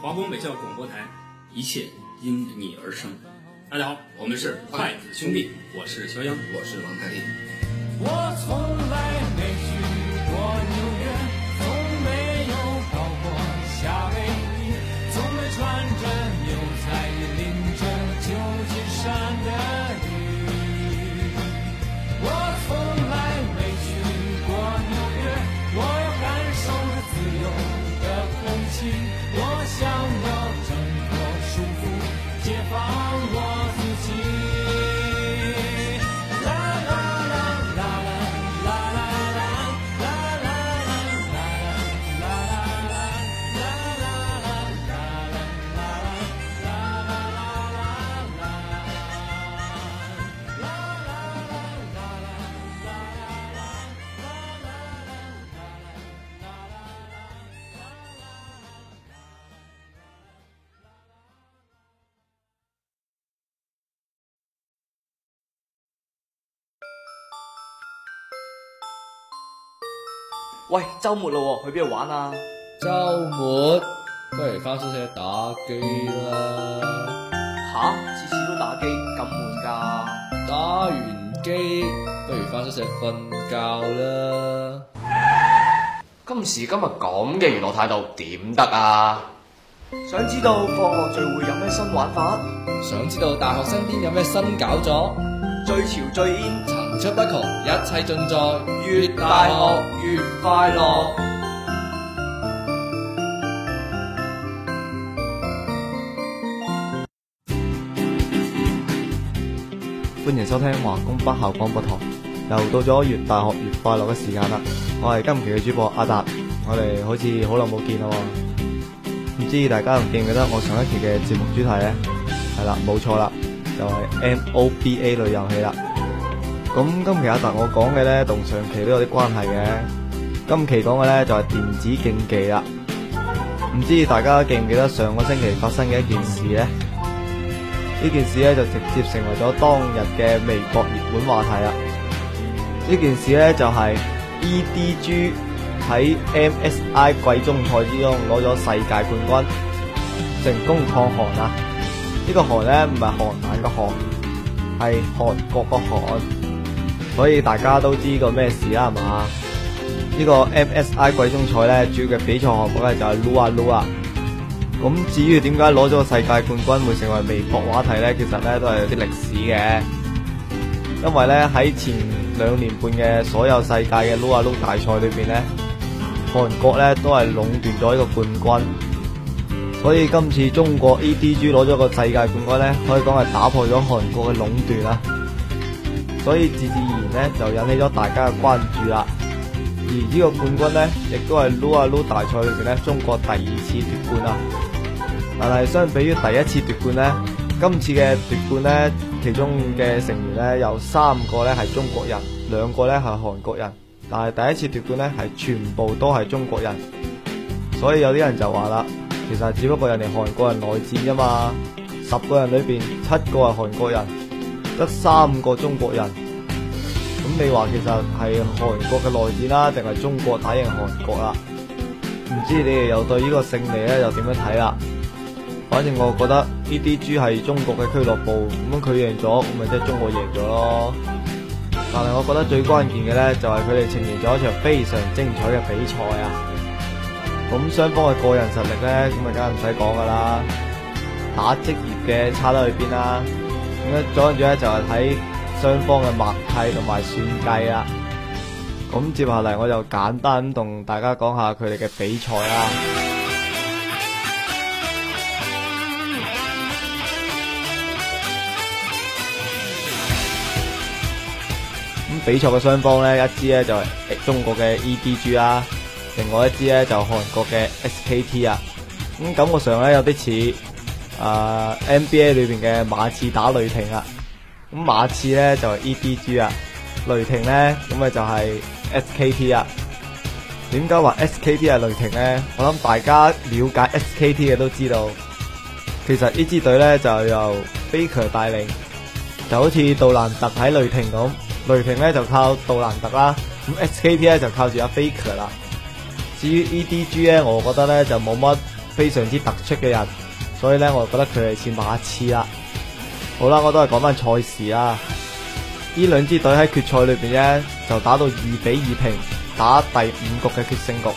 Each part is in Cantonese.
.華工北校廣播台，一切因你而生。啊、大家好，我們是筷子兄弟，是我是肖央，我是王太利。我從。喂，周末咯，去邊度玩啊？周末不如返宿舍打機啦。吓、啊，次次都打機，咁悶㗎。打完機，不如返宿舍瞓覺啦。今時今日咁嘅娛樂態度，點得啊？想知道放學聚會有咩新玩法？想知道大學身邊有咩新搞作？最潮最煙，層出不窮，一切盡在粵大學。粵快樂，歡迎收聽華工北校廣播台，又到咗粵大學粵快樂嘅時間啦！我係今期嘅主播阿達，我哋好似好耐冇見啦，唔知大家仲記唔記得我上一期嘅節目主題咧？係啦，冇錯啦，就係 MOBA 類遊戲啦。咁今期阿達我講嘅咧，同上期都有啲關係嘅。今期講嘅咧就係、是、電子競技啦，唔知大家記唔記得上個星期發生嘅一件事呢？呢件事咧就直接成為咗當日嘅微博熱門話題啦。呢件事咧就係、是、EDG 喺 MSI 季中賽之中攞咗世界冠軍，成功抗韓啊！呢、這個韓咧唔係寒冷嘅「寒」，係韓國嘅韓，所以大家都知個咩事啦，係嘛？個呢個 MSI 季中賽咧，主要嘅比賽項目咧就係擼啊擼啊，咁至於點解攞咗個世界冠軍會成為微博話題咧？其實咧都係有啲歷史嘅，因為咧喺前兩年半嘅所有世界嘅擼啊擼大賽裏邊咧，韓國咧都係壟斷咗呢個冠軍，所以今次中國 EDG 攞咗個世界冠軍咧，可以講係打破咗韓國嘅壟斷啊，所以自自然然咧就引起咗大家嘅關注啦。而呢個冠軍咧，亦都係擼啊擼大賽裏邊咧，中國第二次奪冠啦。但係相比於第一次奪冠咧，今次嘅奪冠咧，其中嘅成員咧有三個咧係中國人，兩個咧係韓國人。但係第一次奪冠咧係全部都係中國人，所以有啲人就話啦，其實只不過人哋韓國人內戰啫嘛，十個人裏邊七個係韓國人，得三個中國人。咁你話其實係韓國嘅內戰啦、啊，定係中國打贏韓國啦、啊？唔知你哋又對呢個勝利咧又點樣睇啦、啊？反正我覺得呢啲豬係中國嘅俱樂部，咁佢贏咗，咁咪即係中國贏咗咯。但係我覺得最關鍵嘅咧，就係佢哋呈現咗一場非常精彩嘅比賽啊！咁雙方嘅個人實力咧，咁咪梗係唔使講噶啦，打職業嘅差得去邊啦、啊？咁樣，再跟住咧就係睇。雙方嘅默契同埋算計啦，咁、嗯、接下嚟我就簡單同大家講下佢哋嘅比賽啦。咁、嗯、比賽嘅雙方咧，一支咧就係、是、中國嘅 EDG 啦、啊，另外一支咧就是、韓國嘅 SKT 啊。咁、嗯、感覺上咧有啲似啊 NBA 裏邊嘅馬刺打雷霆啊。咁馬刺咧就係 EDG 啊，雷霆咧咁咪就係 SKT 啊。點解話 SKT 係雷霆咧？我諗大家了解 SKT 嘅都知道，其實呢支隊咧就由 Faker 帶領，就好似杜蘭特喺雷霆咁。雷霆咧就靠杜蘭特啦，咁 SKT 咧就靠住阿 Faker 啦。至於 EDG 咧，我覺得咧就冇乜非常之突出嘅人，所以咧我覺得佢係似馬刺啦。好啦，我都係講翻賽事啦。兩隊呢兩支隊喺決賽裏邊咧，就打到二比二平，打第五局嘅決勝局。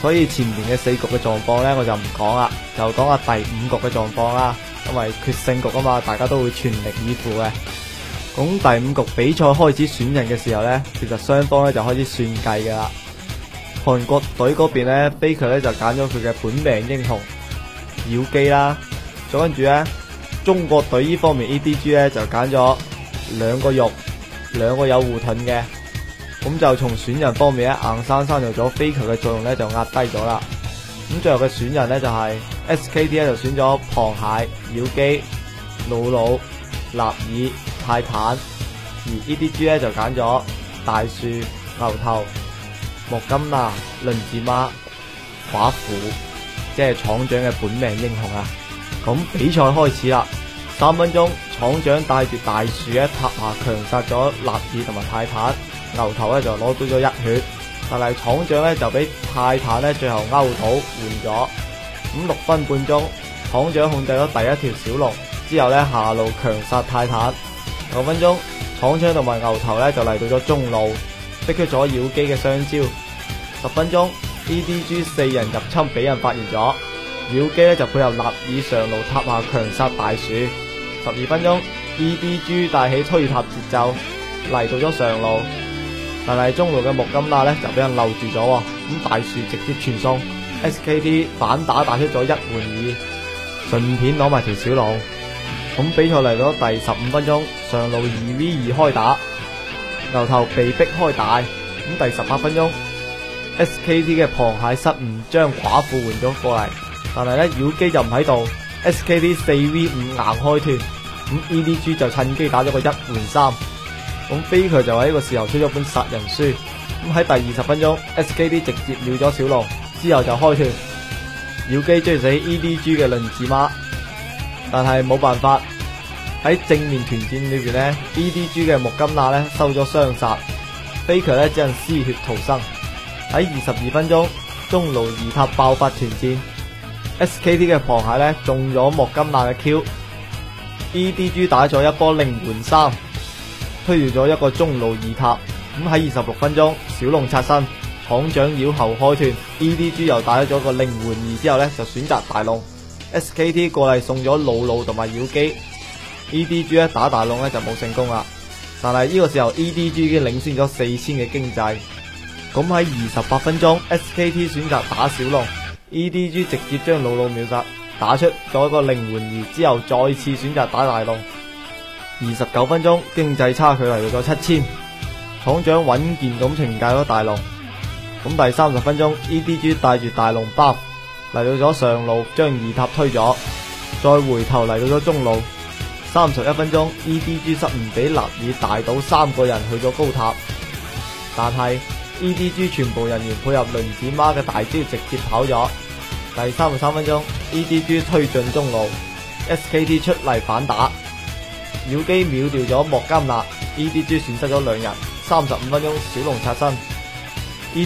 所以前面嘅四局嘅狀況咧，我就唔講啦，就講下第五局嘅狀況啦。因為決勝局啊嘛，大家都會全力以赴嘅。咁第五局比賽開始選人嘅時候咧，其實雙方咧就開始算計噶啦。韓國隊嗰邊咧，Faker 咧就揀咗佢嘅本命英雄，妖姬啦，再跟住咧。中國隊呢方面，EDG 咧就揀咗兩個肉，兩個有護盾嘅，咁就從選人方面咧硬生生就咗 Faker 嘅作用咧就壓低咗啦。咁最後嘅選人咧就係、是、SKT 咧就選咗螃蟹、妖姬、魯魯、納爾、泰坦，而 EDG 咧就揀咗大樹、牛頭、莫甘娜、輪子媽、寡婦，即、就、係、是、廠長嘅本命英雄啊！咁比賽開始啦，三分鐘廠長帶住大樹一塔下強殺咗納爾同埋泰坦，牛頭咧就攞到咗一血，但係廠長咧就俾泰坦咧最後勾到換咗。咁六分半鐘廠長控制咗第一條小龍，之後咧下路強殺泰坦。六分鐘廠長同埋牛頭咧就嚟到咗中路，逼出咗妖姬嘅雙招。十分鐘 EDG 四人入侵俾人發現咗。妖姬咧就配合納爾上路塔下強殺大樹，十二分鐘 EDG 帶起推塔節奏嚟到咗上路，但係中路嘅木金娜咧就俾人留住咗，咁大樹直接傳送 SKT 反打打出咗一換二，順便攞埋條小路。咁比賽嚟到第十五分鐘，上路二 v 二開打，牛頭被逼開大。咁第十八分鐘，SKT 嘅螃蟹失誤將寡婦換咗過嚟。但係咧，妖姬就唔喺度，S.K.D 四 V 五硬開團，咁 E.D.G 就趁機打咗個一換三，咁 faker 就喺呢個時候出咗本殺人書，咁喺第二十分鐘，S.K.D 直接秒咗小龍，之後就開團，妖姬追死 E.D.G 嘅輪子媽，但係冇辦法喺正面團戰裏邊呢，E.D.G 嘅木金娜呢收咗雙殺，faker 呢只能絲血逃生。喺二十二分鐘，中路二塔爆發團戰。SKT 嘅螃蟹咧中咗莫甘娜嘅 Q，EDG 打咗一波零換三，推掉咗一個中路二塔。咁喺二十六分鐘，小龍刷新，廠長繞後開團，EDG 又打咗一個零換二之後咧就選擇大龍，SKT 過嚟送咗露露同埋妖姬，EDG 咧打大龍咧就冇成功啦。但係呢個時候 EDG 已經領先咗四千嘅經濟。咁喺二十八分鐘，SKT 選擇打小龍。EDG 直接將老老秒殺，打出咗一個零換二之後，再次選擇打大龍。二十九分鐘經濟差距嚟到咗七千，廠長穩健咁懲戒咗大龍。咁第三十分鐘，EDG 帶住大龍包嚟到咗上路，將二塔推咗，再回頭嚟到咗中路。三十一分鐘，EDG 失誤俾納爾大到三個人去咗高塔，但係。EDG 全部人員配合輪子媽嘅大招直接跑咗。第三十三分鐘，EDG 推進中路，SKT 出嚟反打，妖姬秒掉咗莫甘娜，EDG 損失咗兩人。三十五分鐘小龍刷新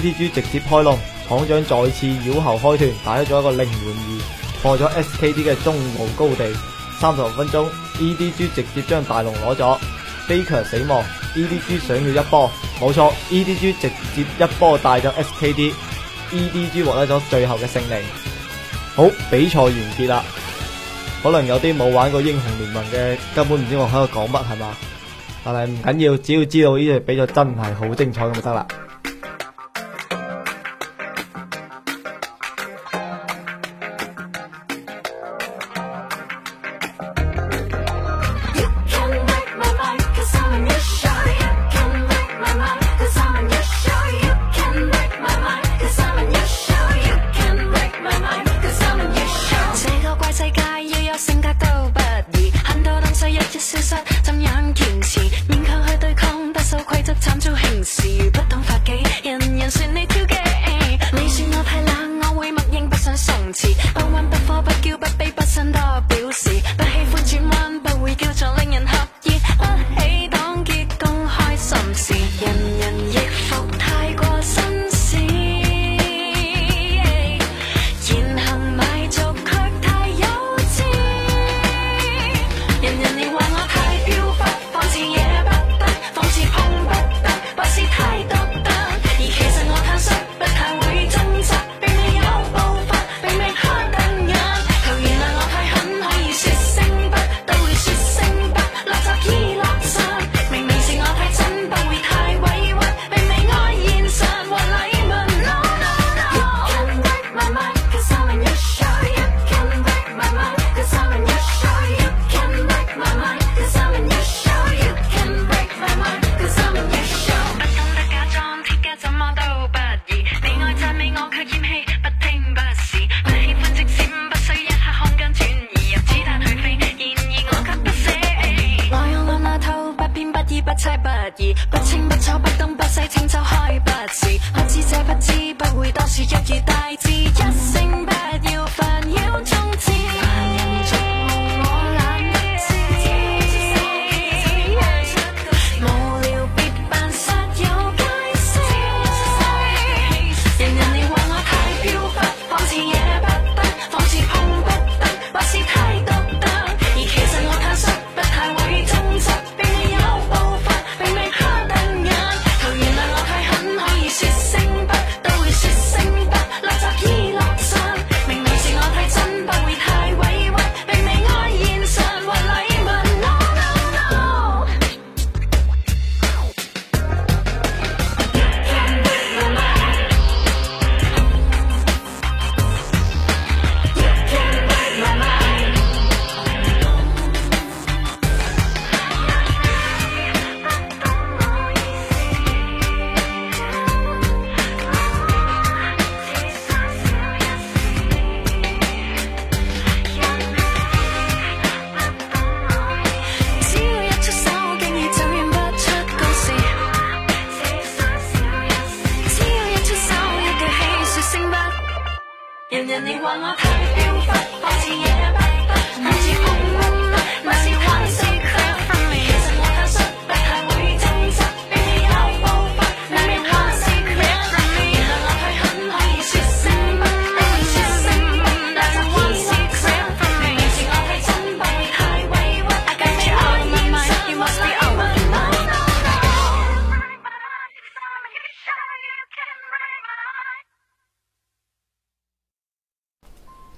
，EDG 直接開龍，廠長再次繞後開團，打出咗一個零換二，破咗 SKT 嘅中路高地。三十五分鐘，EDG 直接將大龍攞咗，Faker 死亡。E D G 想要一波，冇錯，E D G 直接一波帶咗 S K D，E D G 獲得咗最後嘅勝利。好，比賽完結啦。可能有啲冇玩過英雄聯盟嘅，根本唔知我喺度講乜係嘛？但係唔緊要，只要知道呢隻比賽真係好精彩咁就得啦。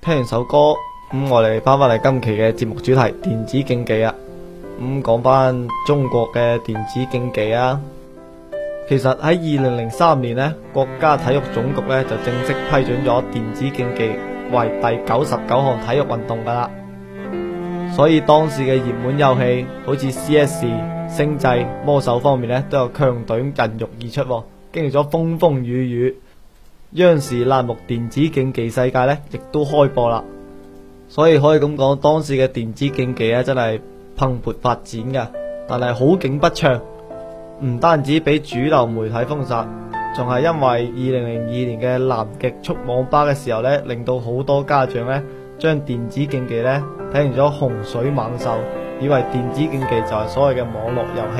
聽完首歌，咁我哋翻翻嚟今期嘅節目主題電子競技啊，咁講翻中國嘅電子競技啊。其實喺二零零三年咧，國家體育總局咧就正式批准咗電子競技為第九十九項體育運動噶啦。所以當時嘅熱門遊戲，好似 CS、星際、魔獸方面咧，都有強隊孕育而出，經歷咗風風雨雨。央視欄目《電子競技世界》咧，亦都開播啦，所以可以咁講，當時嘅電子競技啊，真係蓬勃發展噶但係好景不長，唔單止俾主流媒體封殺，仲係因為2002年嘅南極速網吧嘅時候咧，令到好多家長咧將電子競技咧睇成咗洪水猛獸，以為電子競技就係所謂嘅網絡遊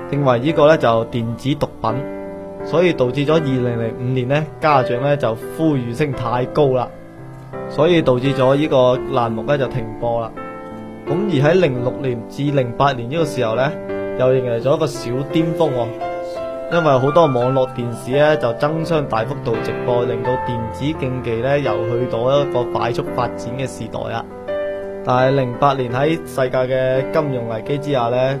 戲，認為呢個咧就電子毒品。所以導致咗二零零五年呢家長呢就呼籲聲太高啦，所以導致咗呢個欄目呢就停播啦。咁而喺零六年至零八年呢個時候呢，又迎嚟咗一個小巔峰喎、哦，因為好多網絡電視呢就爭相大幅度直播，令到電子競技呢又去到一個快速發展嘅時代啦。但係零八年喺世界嘅金融危機之下呢。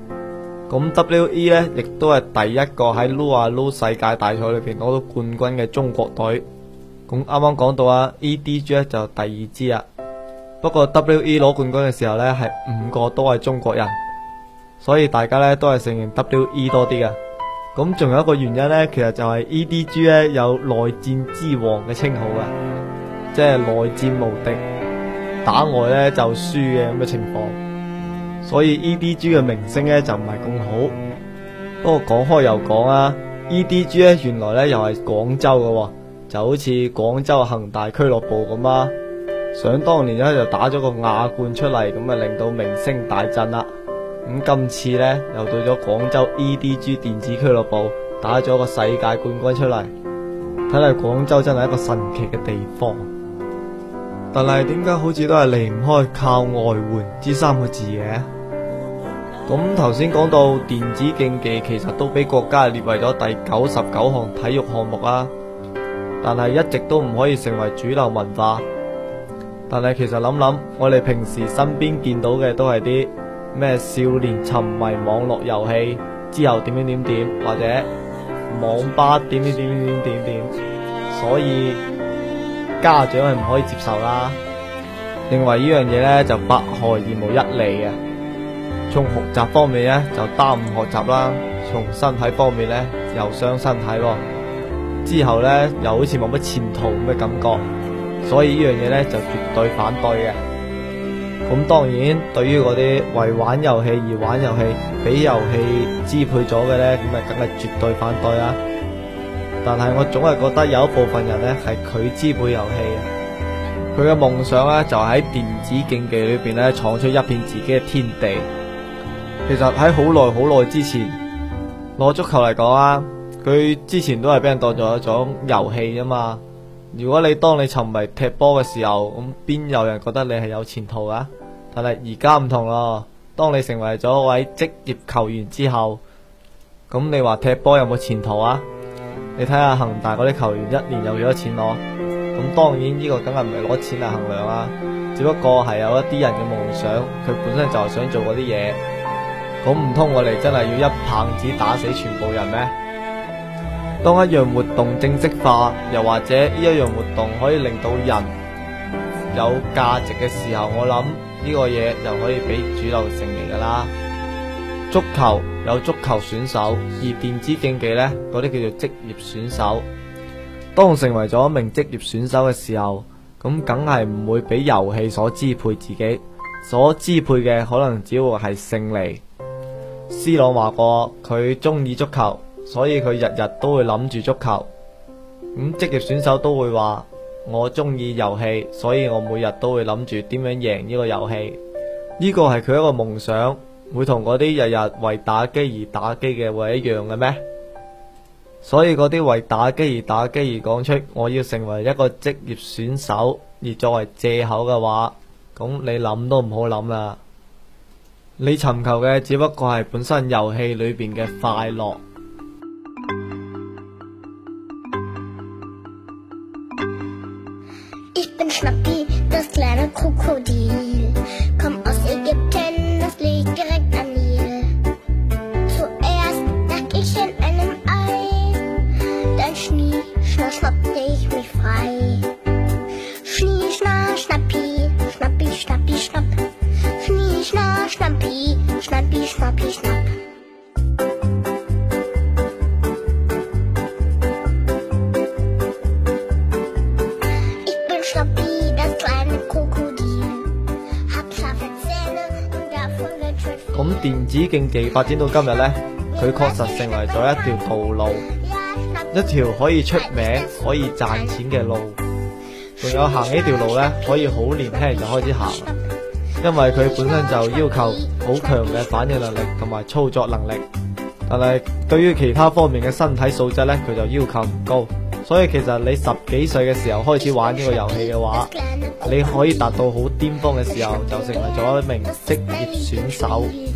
咁 WE 咧，亦都係第一個喺擼啊擼世界大賽裏邊攞到冠軍嘅中國隊。咁啱啱講到啊，EDG 就第二支啊。不過 WE 攞冠軍嘅時候咧，係五個都係中國人，所以大家咧都係承認 WE 多啲噶。咁仲有一個原因咧，其實就係 EDG 咧有內戰之王嘅稱號噶，即係內戰無敵，打外咧就輸嘅咁嘅情況。所以 EDG 嘅名聲咧就唔係咁好，不過講開又講啊，EDG 咧原來咧又係廣州嘅喎，就好似廣州恒大俱樂部咁啊，想當年咧就打咗個亞冠出嚟，咁啊令到名聲大振啦。咁今次咧又到咗廣州 EDG 電子俱樂部打咗個世界冠軍出嚟，睇嚟廣州真係一個神奇嘅地方。但係點解好似都係離唔開靠外援呢三個字嘅？咁頭先講到電子競技，其實都俾國家列為咗第九十九項體育項目啦，但係一直都唔可以成為主流文化。但係其實諗諗，我哋平時身邊見到嘅都係啲咩少年沉迷網絡遊戲之後點點點點，或者網吧點點點點點點，所以家長係唔可以接受啦。認為呢樣嘢呢，就百害而無一利啊。從學習方面呢，就耽誤學習啦；從身體方面呢，又傷身體咯。之後呢，又好似冇乜前途，咁嘅感覺，所以呢樣嘢呢，就絕對反對嘅。咁當然，對於嗰啲為玩遊戲而玩遊戲，俾遊戲支配咗嘅呢，咁啊梗係絕對反對啦。但係我總係覺得有一部分人呢，係佢支配遊戲，佢嘅夢想呢，就喺電子競技裏邊呢，闖出一片自己嘅天地。其實喺好耐好耐之前，攞足球嚟講啊，佢之前都係俾人當作一種遊戲啊嘛。如果你當你沉迷踢波嘅時候，咁邊有人覺得你係有前途啊？但係而家唔同咯，當你成為咗一位職業球員之後，咁你話踢波有冇前途啊？你睇下恒大嗰啲球員一年有幾多錢咯？咁當然呢個梗係唔係攞錢嚟衡量啦，只不過係有一啲人嘅夢想，佢本身就係想做嗰啲嘢。咁唔通我哋真係要一棒子打死全部人咩？當一樣活動正式化，又或者呢一樣活動可以令到人有價值嘅時候，我諗呢個嘢就可以俾主流勝利噶啦。足球有足球選手，而電子競技呢，嗰啲叫做職業選手。當成為咗一名職業選手嘅時候，咁梗係唔會俾遊戲所支配自己，所支配嘅可能只會係勝利。C 朗話過佢中意足球，所以佢日日都會諗住足球。咁職業選手都會話我中意遊戲，所以我每日都會諗住點樣贏呢個遊戲。呢個係佢一個夢想，會同嗰啲日日為打機而打機嘅會一樣嘅咩？所以嗰啲為打機而打機而講出我要成為一個職業選手而作為借口嘅話，咁你諗都唔好諗啦。你尋求嘅只不過係本身遊戲裏邊嘅快樂。電子競技發展到今日呢，佢確實成為咗一條道路，一條可以出名、可以賺錢嘅路。仲有行呢條路呢，可以好年輕就開始行，因為佢本身就要求好強嘅反應能力同埋操作能力，但係對於其他方面嘅身體素質呢，佢就要求唔高。所以其實你十幾歲嘅時候開始玩呢個遊戲嘅話，你可以達到好巔峰嘅時候，就成為咗一名職業選手。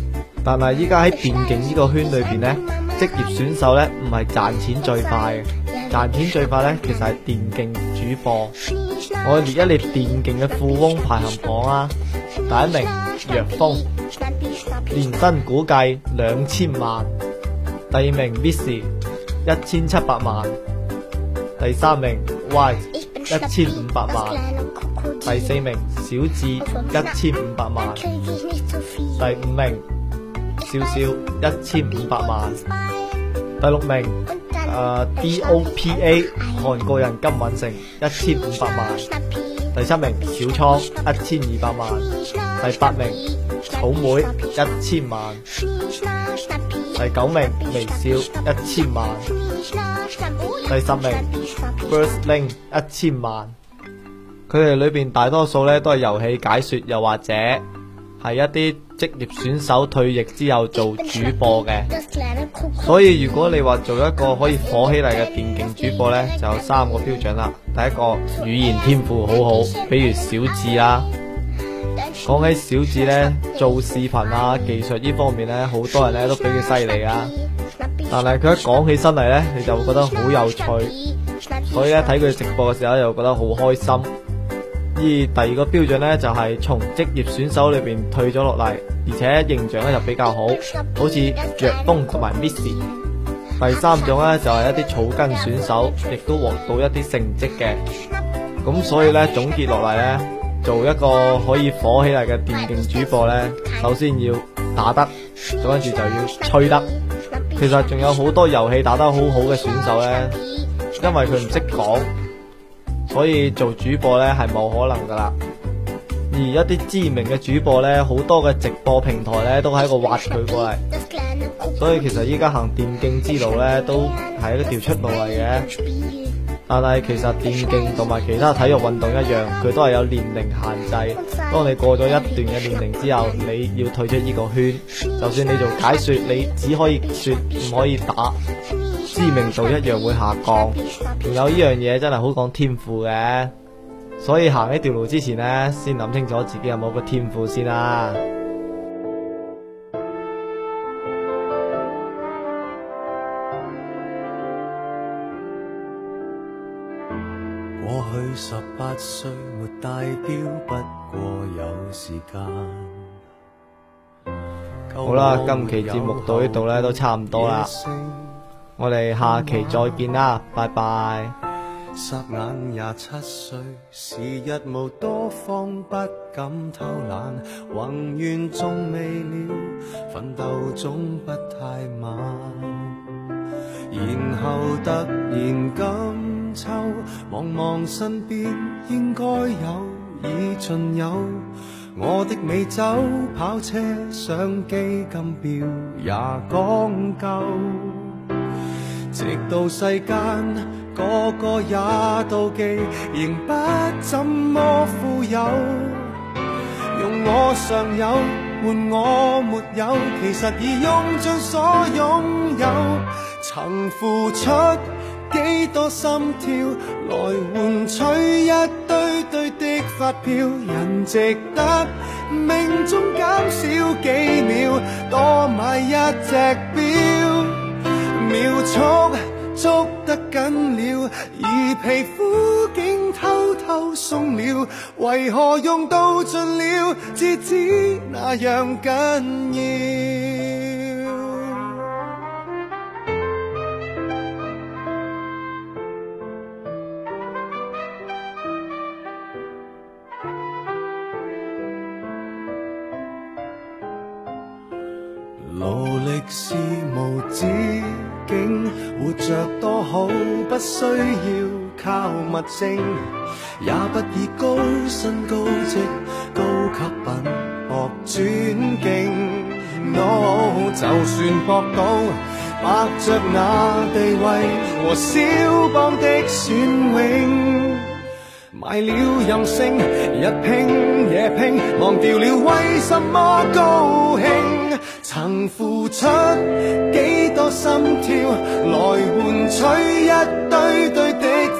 但係依家喺電競呢個圈裏邊呢，職業選手呢，唔係賺錢最快嘅，賺錢最快呢，其實係電競主播。我列一列電競嘅富翁排行榜啊！第一名若風，年薪估計兩千萬，第二名 Miss 一千七百萬，第三名 Y 一千五百萬，第四名小智一千五百萬，第五名。少少一千五百萬，第六名誒、uh, D O P A 韓國人金敏成一千五百萬，第七名小倉一千二百萬，第八名草莓一千萬，第九名微笑一千萬，第十名 Burst Link 一千萬，佢哋裡邊大多數咧都係遊戲解說又或者。係一啲職業選手退役之後做主播嘅，所以如果你話做一個可以火起嚟嘅電競主播呢，就有三個標準啦。第一個語言天賦好好，比如小智啦。講起小智呢，做視頻啊、技術呢方面呢，好多人呢都比較犀利啊。但係佢一講起身嚟呢，你就會覺得好有趣，所以咧睇佢直播嘅時候又覺得好開心。而第二個標準呢，就係、是、從職業選手裏邊退咗落嚟，而且形象咧就比較好，好似若風同埋 Miss。第三種呢，就係、是、一啲草根選手，亦都獲到一啲成績嘅。咁所以呢，總結落嚟呢，做一個可以火起嚟嘅電競主播呢，首先要打得，再跟住就要吹得。其實仲有好多遊戲打得好好嘅選手呢，因為佢唔識講。可以做主播呢，係冇可能噶啦，而一啲知名嘅主播呢，好多嘅直播平台呢，都喺度挖佢過嚟， 所以其實依家行電競之路呢，都係一條出路嚟嘅。但係其實電競同埋其他體育運動一樣，佢都係有年齡限制。當你過咗一段嘅年齡之後，你要退出呢個圈，就算你做解說，你只可以說，唔可以打。知名度一樣會下降，有呢樣嘢真係好講天賦嘅，所以行呢條路之前呢，先諗清楚自己有冇個天賦先啦。過去十八歲沒大雕，不過有時間。好啦，今期節目到呢度呢，都差唔多啦。我哋下期再見啦，媽媽拜拜。霎眼廿七歲，時日無多方，方不不敢偷懶，宏願仲未了，奮鬥總不太晚。然後突然突望望身邊應該有，盡有。已我的美酒跑車相機金表也講究直到世間個個也妒忌，仍不怎麼富有。用我尚有換我沒有，其實已用盡所擁有。曾付出幾多心跳，來換取一堆堆的發票。人值得命中減少幾秒，多買一隻表。秒速捉得緊了，而皮膚竟偷偷鬆了，為何用到盡了，只知那樣緊要。也不以高薪高職、高級品博尊敬。我、oh, 就算搏到伯爵那地位和蕭邦的雋永，賣了任性，日拼夜拼，忘掉了為什麼高興，曾付出幾多心跳來換取一？